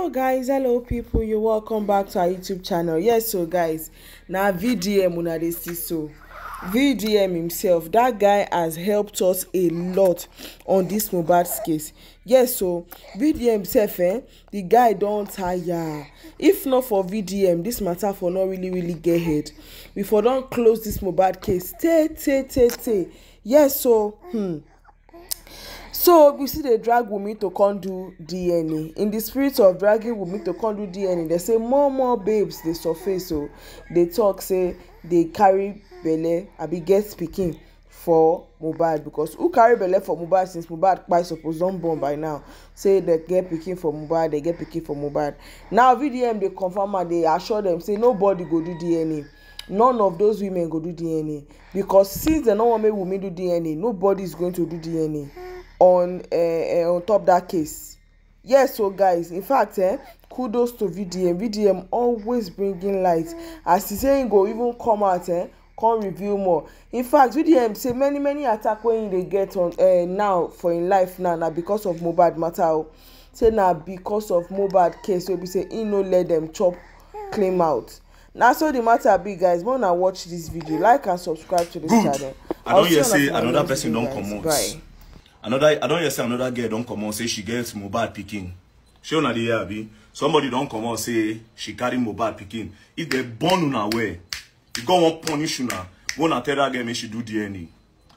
hello guys hello people you welcome back to our youtube channel yes so guys now vdm una so vdm himself That guy has helped us a lot on this mohbad case yes so vdm sef eh the guy don't tire if not for vdm this matter for not really really get head we for don close this mohbad case tey tey tey tey yes so hmm so we bisi dey drag wunmi to come do dna in the spirit of dragging wunmi to come do dna dey say more more babes dey surface o oh. dey talk say dey carry belle abi get pikin for mohbad because who carry belle for mohbad since mohbad kpai suppose don born by now say dem get pikin for mohbad dem get pikin for mohbad now vdm dey confirm am dey assure dem say nobody go do dna none of those women go do dna because since dem no wan make wunmi do dna nobody is going to do dna on uh, on top that case yes so guys in fact eh, kudos to vdm vdm always bringing light as he saying go even come out eh, come review more in fact vdm say many many attack when they get on uh, now for in life now na because of mohbad matter o say na because of mohbad case So we say he no let them chop claim out Now so the matter be guys make una watch this video like and subscribe to this Good. channel i don hear say another person don comot another i don't hear say another girl don't come comot say she gets mobile picking. She una dey hear abi somebody come comot say she carry mobile picking. if they born una well if god wan punish una go una tell that girl make she do dna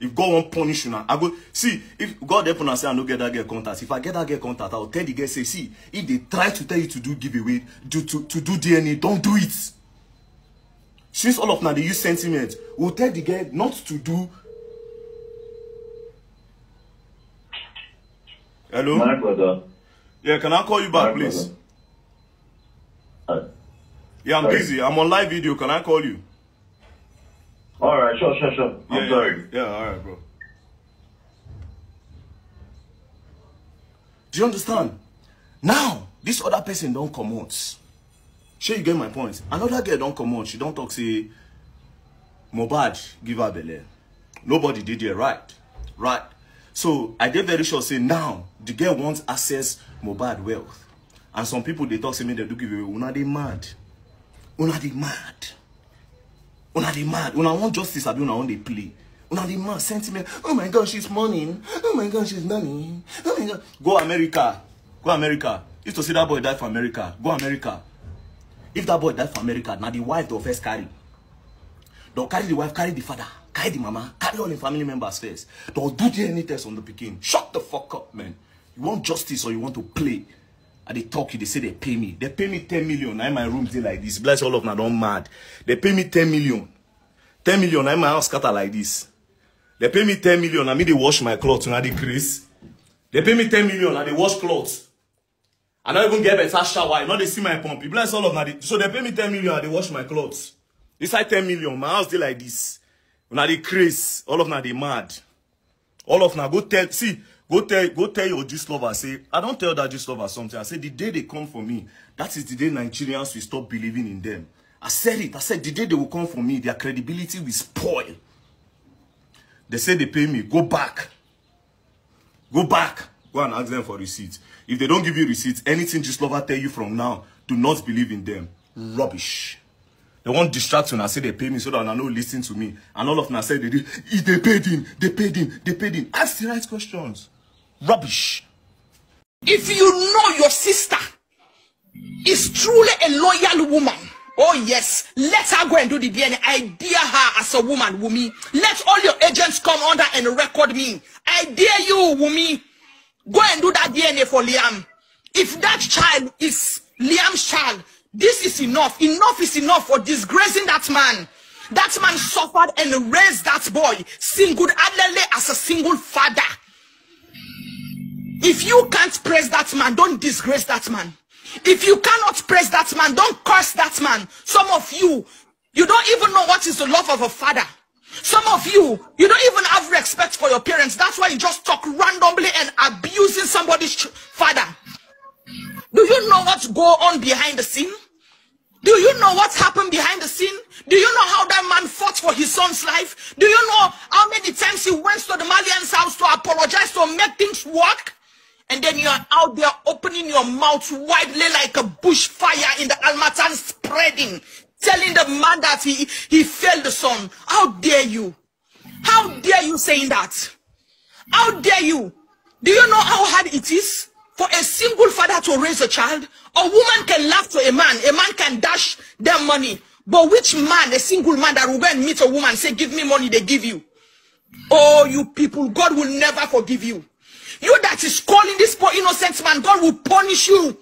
if god wan punish una i go see if god help and say i no get that girl contact if i get that girl contact i go tell the girl say see if they try to tell you to do giveaway do to to do dna don't do it since all of now dey use sentiment we we'll tell the girl not to do Hello? My brother. Yeah, can I call you back, My please? Uh, yeah, I'm sorry. busy. I'm on live video. Can I call you? All right, sure, sure, sure. I'm yeah, sorry. Yeah. yeah, all right, bro. Do you understand? Now, this other person don't come out. Sure, you get my point. Another girl don't come out. She don't talk, say, Mobad, give her belay. Nobody did it right. Right so i get very sure say now the girl wants access mohbad wealth and some people they talk say me they do giveaway una dey mad una dey mad una dey mad una want justice abi una wan dey play una dey mad sentiment oh my god she's money. oh my god she's mourning oh my god go america go america if to see that boy die for america go america if that boy die for america now the wife don first carry Don't carry the wife carry the father Hide the mama. Carry all the family members first. Don't do DNA test on the beginning. Shut the fuck up, man. You want justice or you want to play? And they talk you, they say they pay me. They pay me 10 million. I'm my room deal like this. Bless all of them, don't mad. They pay me 10 million. 10 million, I'm my house cutter like this. They pay me 10 million. I mean they wash my clothes and I they crease. They pay me 10 million and they wash clothes. I don't even get better shower. I know they see my pump. Bless all of them. So they pay me 10 million and they wash my clothes. This like 10 million. My house deal like this una dey craze all of na dey mad all of na go tell see go tell go tell your gist lover say i don't tell that gist lover something i say the day they come for me that is the day nigerians will stop believing in them i said it i said the day they will come for me their credibility will spoil they say they pay me go back go back go and ask them for receipts if they don't give you receipts anything gist lover tell you from now do not believe in them rubbish They won't distract you and say they pay me so that I know listen to me. And all of them I say they did. They paid him. They paid him. They paid him. Ask the right questions. Rubbish. If you know your sister is truly a loyal woman, oh yes, let her go and do the DNA. I dare her as a woman, Wumi. Let all your agents come under and record me. I dare you, Wumi. Go and do that DNA for Liam. If that child is Liam's child, This is enough. Enough is enough for disgracing that man. That man suffered and raised that boy single-handedly as a single father. If you can't praise that man, don't disgrace that man. If you cannot praise that man, don't curse that man. Some of you, you don't even know what is the love of a father. Some of you, you don't even have respect for your parents. That's why you just talk randomly and abusing somebody's father. Do you know what go on behind the scene? Do you know what happened behind the scene? Do you know how that man fought for his son's life? Do you know how many times he went to the Malian's house to apologize to make things work? And then you're out there opening your mouth widely like a bushfire in the Almatan spreading, telling the man that he, he failed the son. How dare you? How dare you saying that? How dare you? Do you know how hard it is? For a single father to raise a child, a woman can laugh to a man, a man can dash their money. But which man, a single man that will go and meet a woman, say, give me money, they give you. Oh, you people, God will never forgive you. You that is calling this poor innocent man, God will punish you.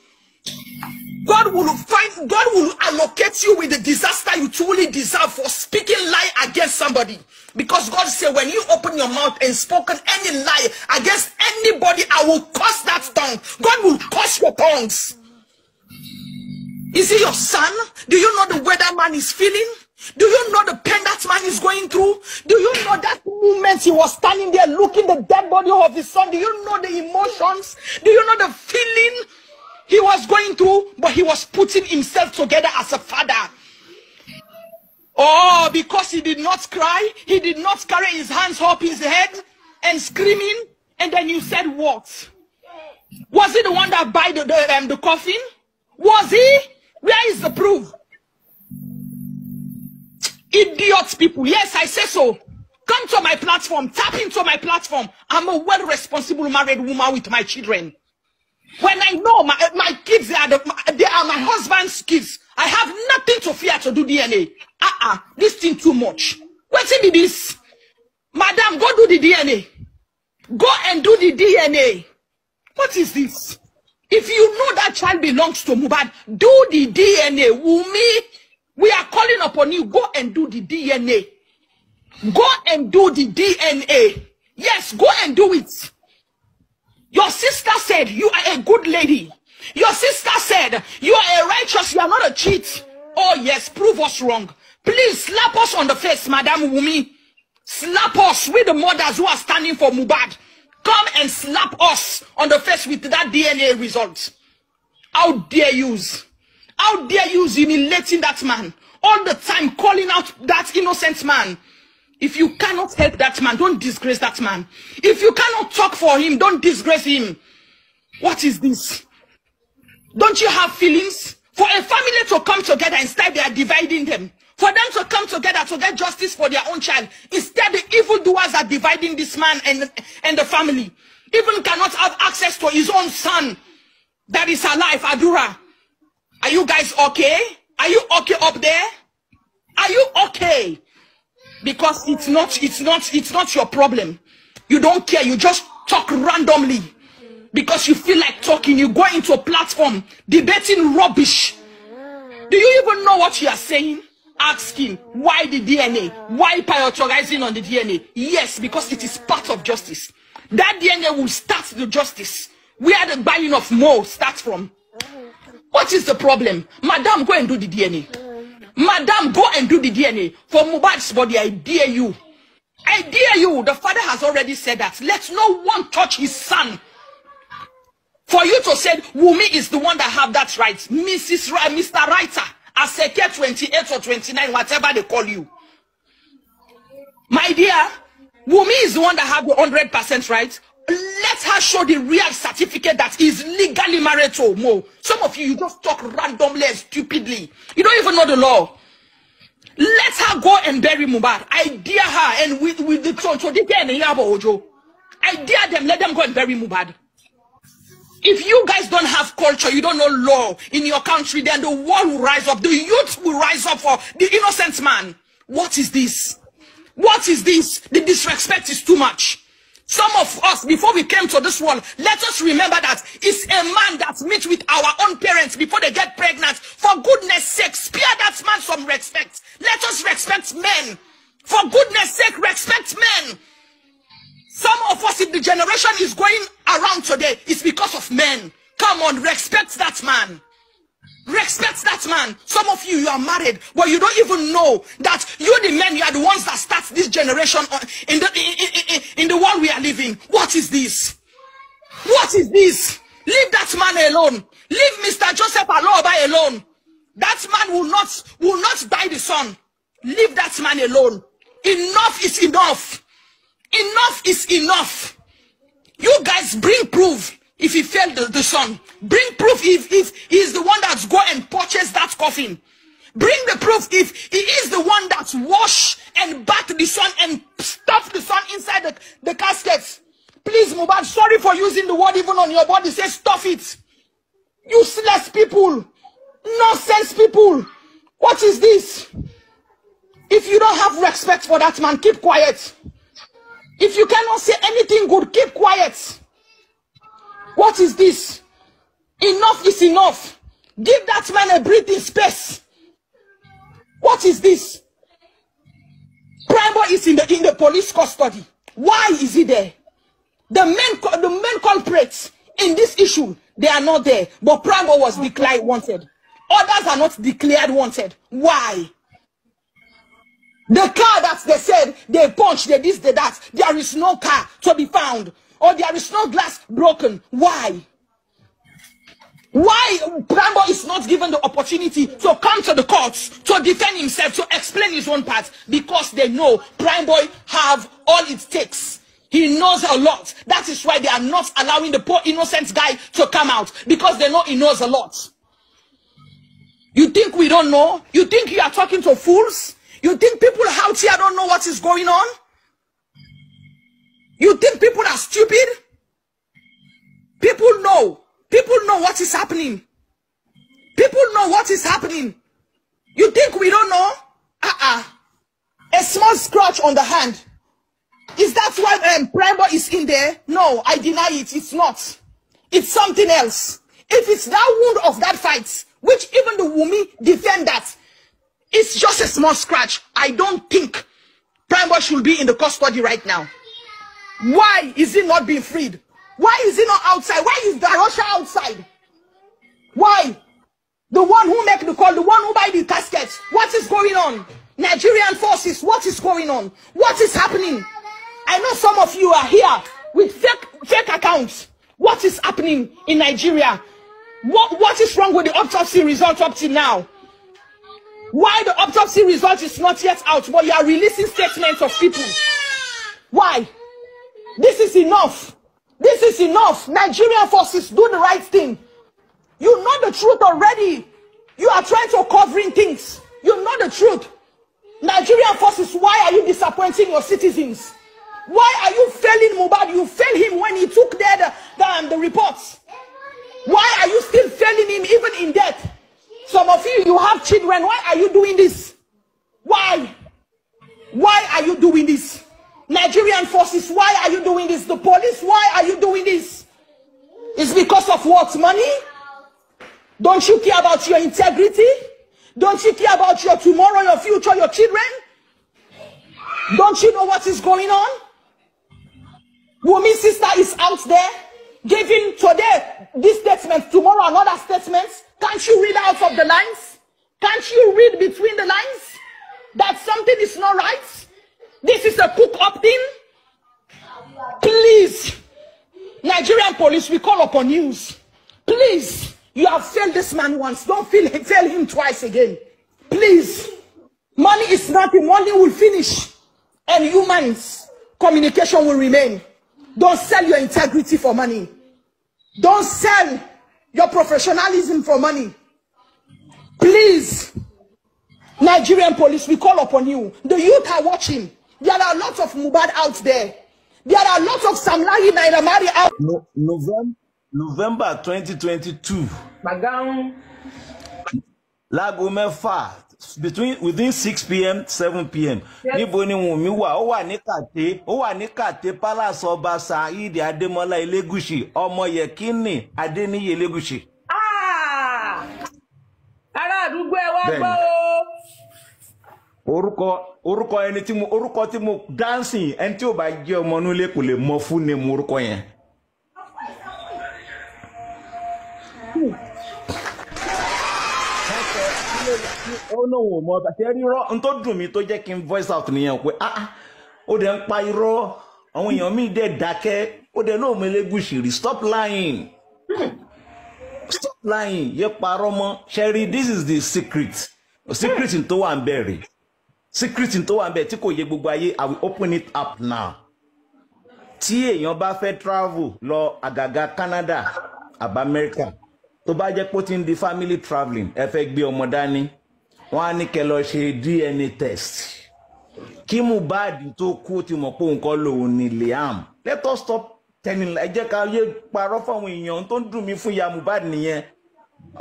God will find, God will allocate you with the disaster you truly deserve for speaking lie against somebody. Because God said, when you open your mouth and spoken any lie against anybody, I will curse that tongue. God will curse your tongues. Is he your son? Do you know the way that man is feeling? Do you know the pain that man is going through? Do you know that moment he was standing there looking the dead body of his son? Do you know the emotions? Do you know the feeling? he was going through, but he was putting himself together as a father. Oh, because he did not cry, he did not carry his hands up his head and screaming, and then you said what? Was he the one that buy the, the, um, the coffin? Was he? Where is the proof? Idiots people. Yes, I say so. Come to my platform. Tap into my platform. I'm a well-responsible married woman with my children. When I know my, my kids, they are, the, they are my husband's kids. I have nothing to fear to do DNA. Uh-uh, this thing too much. What's this? Madam, go do the DNA. Go and do the DNA. What is this? If you know that child belongs to Mubad, do the DNA. Wumi, we are calling upon you. Go and do the DNA. Go and do the DNA. Yes, go and do it. Your sister said you are a good lady. Your sister said you are a righteous, you are not a cheat. Oh yes, prove us wrong. Please slap us on the face, Madam Wumi. Slap us with the mothers who are standing for Mubad. Come and slap us on the face with that DNA result. How dare you? How dare you humiliating that man? All the time calling out that innocent man. If you cannot help that man, don't disgrace that man. If you cannot talk for him, don't disgrace him. What is this? Don't you have feelings? For a family to come together, instead they are dividing them. For them to come together to get justice for their own child. Instead, the evildoers are dividing this man and, and the family. Even cannot have access to his own son that is alive, Adura. Are you guys okay? Are you okay up there? Are you okay? because it's not it's not it's not your problem you don't care you just talk randomly because you feel like talking you go into a platform debating rubbish do you even know what you are saying ask him why the dna why prioritizing on the dna yes because it is part of justice that dna will start the justice where the buying of more starts from what is the problem madam go and do the dna Madam, go and do the DNA for Mubarak's body. I dare you. I dare you. The father has already said that. Let no one touch his son. For you to say Wumi is the one that have that right. Mrs. Ra Mr. Writer, Aseke 28 or 29, whatever they call you. My dear, Wumi is the one that have the percent right. let her show the real certificate that is legally married to Mo. Some of you, you just talk randomly and stupidly. You don't even know the law. Let her go and bury Mubarak. I dare her and with, with the throne. So they can Ojo. I dare them, let them go and bury Mubarak. If you guys don't have culture, you don't know law in your country, then the world will rise up. The youth will rise up for the innocent man. What is this? What is this? The disrespect is too much. Some of us, before we came to this world, let us remember that it's a man that meets with our own parents before they get pregnant. For goodness sake, spare that man some respect. Let us respect men. For goodness sake, respect men. Some of us, if the generation is going around today, it's because of men. Come on, respect that man. Respect that man. Some of you, you are married, but you don't even know that you, the men, you are the ones that start this generation in the, in, in, in the world we are living. What is this? What is this? Leave that man alone. Leave Mr. Joseph Aloba alone. That man will not, will not buy the son. Leave that man alone. Enough is enough. Enough is enough. You guys bring proof. if he failed the, the son. Bring proof if, if he is the one that's go and purchase that coffin. Bring the proof if he is the one that's wash and bath the son and stuff the son inside the, the casket. Please, Mubad, sorry for using the word even on your body. Say stuff it. Useless people. Nonsense people. What is this? If you don't have respect for that man, keep quiet. If you cannot say anything good, keep quiet. What is this? Enough is enough. Give that man a breathing space. What is this? Primo is in the in the police custody. Why is he there? The main the main culprits in this issue they are not there, but Primo was declared wanted. Others are not declared wanted. Why? The car that they said they punched, they this, they that. There is no car to be found or there is no glass broken. Why? Why Brambo is not given the opportunity to come to the courts to defend himself, to explain his own part? Because they know Prime Boy have all it takes. He knows a lot. That is why they are not allowing the poor innocent guy to come out because they know he knows a lot. You think we don't know? You think you are talking to fools? You think people out here don't know what is going on? You think people are stupid? People know. People know what is happening. People know what is happening. You think we don't know? Uh-uh. A small scratch on the hand. Is that why um, is in there? No, I deny it. It's not. It's something else. If it's that wound of that fight, which even the Wumi defend that, it's just a small scratch. I don't think Brembo should be in the custody right now. Why is he not being freed? Why is he not outside? Why is Russia outside? Why? The one who make the call, the one who buy the caskets. What is going on? Nigerian forces, what is going on? What is happening? I know some of you are here with fake, fake accounts. What is happening in Nigeria? What, what is wrong with the autopsy result up to now? Why the autopsy result is not yet out, but you are releasing statements of people? Why? This is enough. This is enough. Nigerian forces do the right thing. You know the truth already. You are trying to covering things. You know the truth. Nigerian forces, why are you disappointing your citizens? Why are you failing Mubad? You failed him when he took the, the, um, the reports. Why are you still failing him even in death? Some of you, you have children. Why are you doing this? Why? Why are you doing this? Nigerian forces, why are you doing this? The police, why are you doing this? It's because of what? Money? Don't you care about your integrity? Don't you care about your tomorrow, your future, your children? Don't you know what is going on? Wumi sister is out there giving today this statement, tomorrow another statement. Can't you read out of the lines? Can't you read between the lines that something is not right? This is a cook up thing. Please, Nigerian police, we call upon you. Please, you have failed this man once. Don't fail, fail him twice again. Please, money is nothing. Money will finish, and humans communication will remain. Don't sell your integrity for money. Don't sell your professionalism for money. Please, Nigerian police, we call upon you. The youth are watching. There are lots of Mubad out there. There are lots of Samlahi Nairamari out no, November, November 2022. Magam. Lagume mẹ́fà between within 6 pm 7 pm níbo ni Wùnmí wà ó wà ní Kàtẹ́ ó wà ní Kàtẹ́ palace ọba Saheed Adémọ́lá Elégùṣì ọmọ Yẹkínì Adéníyì Elégùṣì. ilegushi. Ah. Ara wá gbọ́ o orúkọ orúkọ ẹni tí mo orúkọ tí mo dancing ẹni tí ò bá jẹ́ ọmọ inú kò lè mọ fún ni mo orúkọ yẹn. ó náà wò mọ bàtí ẹ rírọ n tó dùn mí tó jẹ́ kí n voice out nìyẹn pé ah, ah ó dẹ̀ ń pa irọ́ àwọn èèyàn míì dẹ̀ dákẹ́ ó dẹ̀ lóò mẹ́lẹ́gùn ṣìrì stop lying stop lying yẹ parọ́ mọ́ Sherry this is the secret secret tó wà ń bẹ̀rẹ̀ secret tó wà níbẹ̀ tí kò yé gbogbo ayé i will open it up now tí èèyàn bá fẹ́ travel lọ àgàgà Canada àbá America tó bá jẹ́ pé ó ti ń di family traveling. ẹ fẹ́ gbé ọmọ dání wọ́n á ní kẹ́ lọ ṣe DNA test kí Mohbad tó kú ti mọ̀ pé òun kọ́ lòun ni Liam let us stop telling ẹ jẹ́ ká yé parọ́ fáwọn èèyàn tó ń dùn mí fún ìyá Mohbad nìyẹn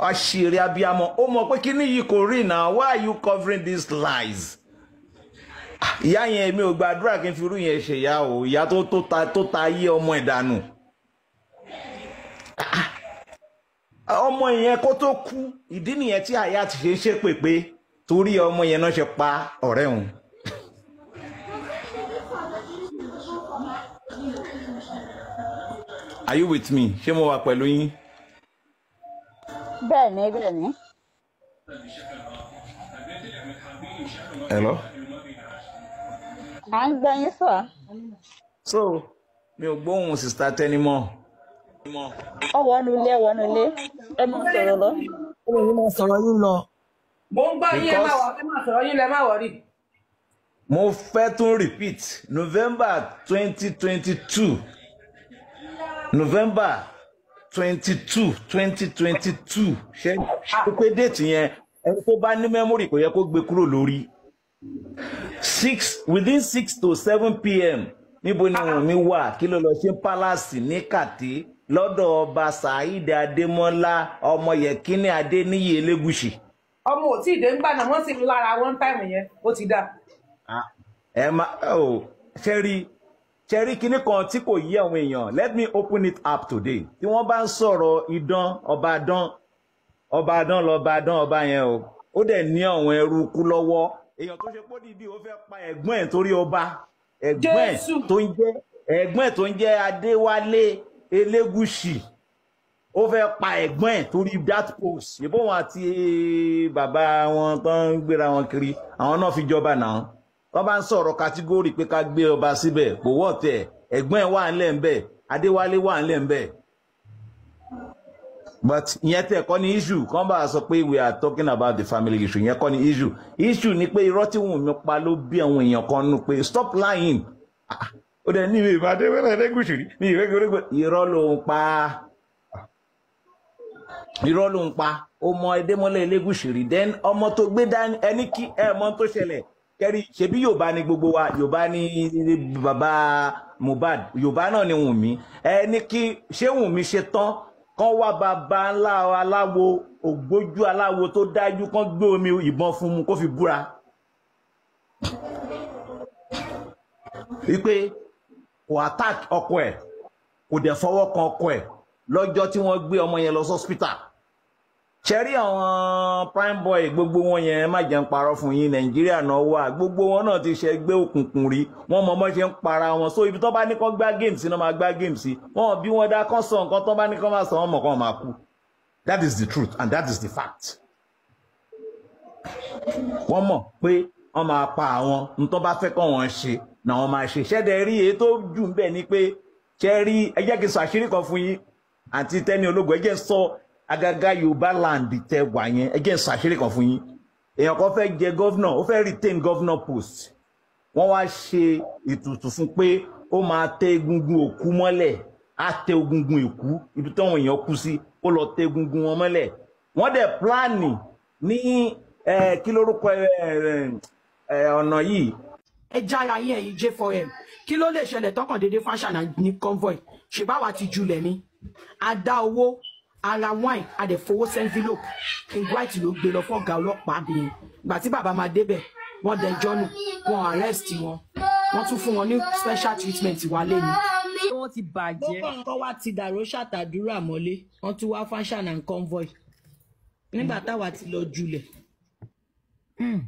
àṣírí abiyamọ ó mọ̀ pé kíní yìí kò rí náà why are you covering these lies ìyá yẹn mi ò gbàdúrà kí n fi irú yẹn ṣe ìyá o ìyá tó ta tó ta ayé ọmọ ẹ̀ dànù ọmọ yẹn kó tó kú ìdí nìyẹn tí àyà ti ṣe ṣe pèpè torí ọmọ yẹn náà ṣe pa ọ̀rẹ́ òun. Are you with me? Ṣé mo wà pẹ̀lú yín? Bẹ́ẹ̀ni, bẹ́ẹ̀ni. Hello à ń gbọ́ yín sọ. so mi ò gbóhùn sista tẹni mọ́. ọ wọnú ilé wọnú ilé ẹ máa sọ̀rọ̀ lọ. ọmọ yìí máa sọ̀rọ̀ yín lọ. mo ń gbọ́ yín ẹ máa wọ̀ ẹ máa sọ̀rọ̀ yín lẹ máa wọ̀ rí. mo fẹ́ tún repeat november twenty twenty two november twenty two twenty twenty two ṣe ah. é pé déètì yẹn ẹni tó bá ní mẹ́mórì kò yẹ kó gbé kúrò lórí six within six to seven pm níbo ni wọ́n mi wà kí ló lọ ṣe palace ní kàtí lọ́dọ̀ ọba saheed adémọ́lá ọmọ yẹkínní adéníyì elégùsì. ọmọ ò tí ì dé ń gbàdàn wọ́n ti lára one time yẹn ó ti dà. Ah, ẹ má o oh, ṣẹ́rí ṣẹ́rí kinní kan tí kò yé àwọn èèyàn let me open it up today tí wọ́n bá ń sọ̀rọ̀ idán ọba dán ọba dán lọ́ba dán ọba yẹn o ó dẹ̀ ní àwọn ẹrú kú lọ́wọ́ èèyàn tó ṣe pọ́ dìbì ó fẹ́ pa ẹ̀gbọ́n ẹ̀ torí ọba ẹ̀gbọ́n ẹ̀ tó ń jẹ́ ẹ̀gbọ́n ẹ̀ tó ń jẹ́ Adéwálé Elégùṣì ó fẹ́ pa ẹ̀gbọ́n ẹ̀ torí that post ìbọn wọn àti bàbá wọn tó ń gbéra wọn kiri àwọn náà fi jọba náà wọn bá ń sọ̀rọ̀ kátígórì pé ká gbé ọba síbẹ̀ kò wọ́ọ̀tẹ̀ ẹ̀gbọ́n ẹ̀ wà ńlẹ̀ ńbẹ̀ Adéwálé wà ńlẹ̀ ńbẹ̀ but ìyẹn tẹ̀ kọ́ ní issue kan bá a sọ pé we are talking about the family issue ìyẹn kọ́ ní issue issue ni pé irọ́ tí Wùnmí pa ló bí àwọn èèyàn kan nù pé stop lying ah, ó dẹ̀ ní ìwé ìbàdí wẹ́rẹ́ ẹ̀ẹ́dẹ́gùsù rí ní ìwé gbẹ́gbẹ́ irọ́ ló ń pa irọ́ ló ń pa ọmọ ẹdẹmọlẹ ẹlẹgùsù rí then ọmọ tó gbé dání ẹni kí ẹ mọ tó ṣẹlẹ̀ kẹrí ṣebí yorùbá ni gbogbo wa yorùbá ni bàbá Mohbad yorùbá náà ni Wùnmí ẹni kí ṣé Wùnmí ṣe tán kán wá bàbá ńlá aláwo ògbójú aláwo tó dájú kán gbé omi ìbọn fún mu kó fi búra wípé kò attack ọkọ ẹ̀ kò dẹ̀ fọwọ́ kan ọkọ ẹ̀ lọ́jọ́ tí wọ́n gbé ọmọ yẹn lọ sọ́spítà. So ṣẹ́rí àwọn prime boy gbogbo wọn yẹn má jẹun parọ́ fún yín nàìjíríà náà wà gbogbo wọn náà ti ṣe gbé òkùnkùn rí wọn mọ ọmọ ṣe ń para wọn so ibi tó bá ní kó gbá games náà máa gbá games wọn bí wọn dá kán sọ nǹkan tó bá ní kán máa sọ wọn mọ̀ kán máa kú that is the truth and that is the fact. wọ́n mọ̀ pé wọ́n máa pa àwọn ní tó bá fẹ́ kọ́ wọn ṣe náà wọ́n máa ṣe ṣẹ́dẹ̀ rí èyí tó jù ń bẹ̀ ni pé ṣẹ́rí ẹ agaga yorùbá land tẹ wà yẹn ẹ jẹ́ n ṣàṣírí kan fún yín èèyàn kan fẹ́ jẹ gọ́vnà ó fẹ́ retain gọ́vnà post wọ́n wá ṣe ètùtù fún pé ó máa tẹ egungun òkú mọ́lẹ̀ á tẹ egungun èkú ibi táwọn èèyàn kú sí ó lọ tẹ egungun wọn mọ́lẹ̀ wọ́n dẹ̀ pílánì ní kí lórúkọ ọ̀nà yìí. ẹ jára yín ẹ̀yin j4m kí ló lè ṣẹlẹ̀ tọkàn déédéé fáṣà ní convoy ṣèbáwa ti julẹ̀ ni a dá owó ara wine adẹ fowó sẹ́ńfílòpù king white ló gbé lọ fọ́gà ọlọ́pàá bìnrin ìgbà tí bàbá máa débẹ̀ wọ́n dẹjọ́ nù wọ́n arrest wọn wọ́n tún fún wọn ní special treatment wálé ni. wọ́n ti bàjẹ́. bọ́kọ̀ nǹkan wá ti dàrú ṣàtàdúrà mọ́lé wọ́n tún wá fashion and convoy nígbà táwa ti lọ julẹ̀. Mm.